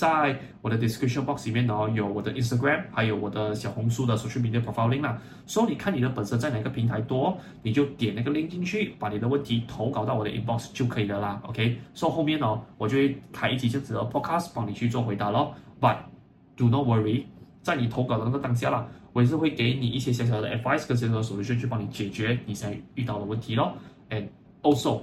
在我的 description box 裏面呢、哦，有我的 Instagram，還有我的小紅書的 social media profiling 啦。所、so, 以你看你的本身在哪個平台多，你就點那個 link 進去，把你的問題投稿到我的 inbox 就可以了啦。OK，So、okay? 後面呢、哦，我就會開一期這樣的 podcast 幫你去做回答咯。But do not worry，在你投稿的那個當下啦，我也是會給你一些小小的 advice，跟一些的手段去幫你解決你現在遇到的問題咯。And also